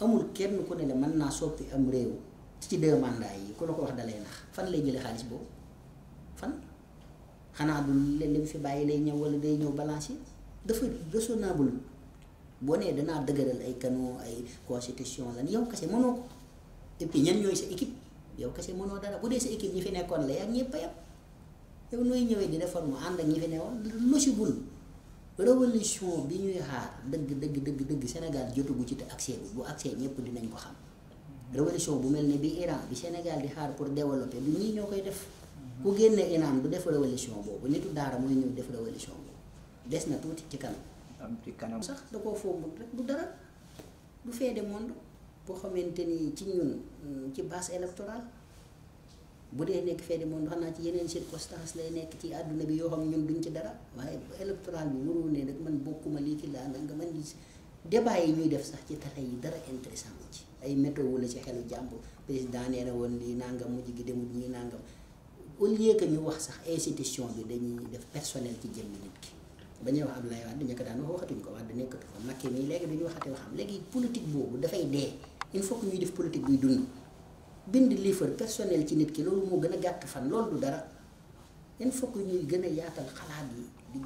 amul kenn ku ne la man naa soppi am réew ci deux mandats yi ku la ko wax dalay nax fan lay jëlee xaalis boobu fan xanaa du li mu fi bàyyi lay ñëw wala day ñëw balance yi dafa raisonnable boo nee danaa dëgëral ay canaux ay constitution lan yow kese mënoo ko et puis ñan ñooy sa équipe yow kese mënoo dara bu dee sa équipe ñi fi nekkoon la yaa ñëpp a yem yow nooy ñëwee di réforme ànd ak ñi fi newoon logique révolution bi ñuy xaar dëgg dëgg dëgg bi Sénégal jotugu ci te accès bu bu accès ñëpp dinañ ko xam révolution bu mel ne bi Iran bi Sénégal di xaar pour développer du ñu ñoo koy def ku génne Iran bu def révolution boobu nitu daara mooy ñëw def révolution des na tuuti ci kanam am ci kanam sax da koo foogul rek du dara du fee de monde boo xamante ni ci ñun mm, ci base électorale bu dee nekk fee de monde xam naa ci yeneen circonstance lay nekk ci àdduna bi yoo xam ñun duñ ci dara waaye électoral bi warul ne nag man bokkuma lii ki laa nga man débat yi ñuy def sax ci télé yi dara intéressant na ci ay météo la ci xelu jàmbur président nee na woon lii nangam mujj gi demul ñuy nangam au lieu que ñu wax sax institution bi dañuy def personnel ci jëmmi nit ki ba ñuy wax Abdoulaye Wade ñu ko daan wax waxatuñ ko Wade nekkatu fa Macky mii léegi duñu waxati waxam léegi politique boobu dafay dee il faut que ñuy def politique buy dund bind liifar personnel ci nit ki loolu moo gën a gàtt fan loolu du dara il faut que ñuy gën a yaatal xalaat yi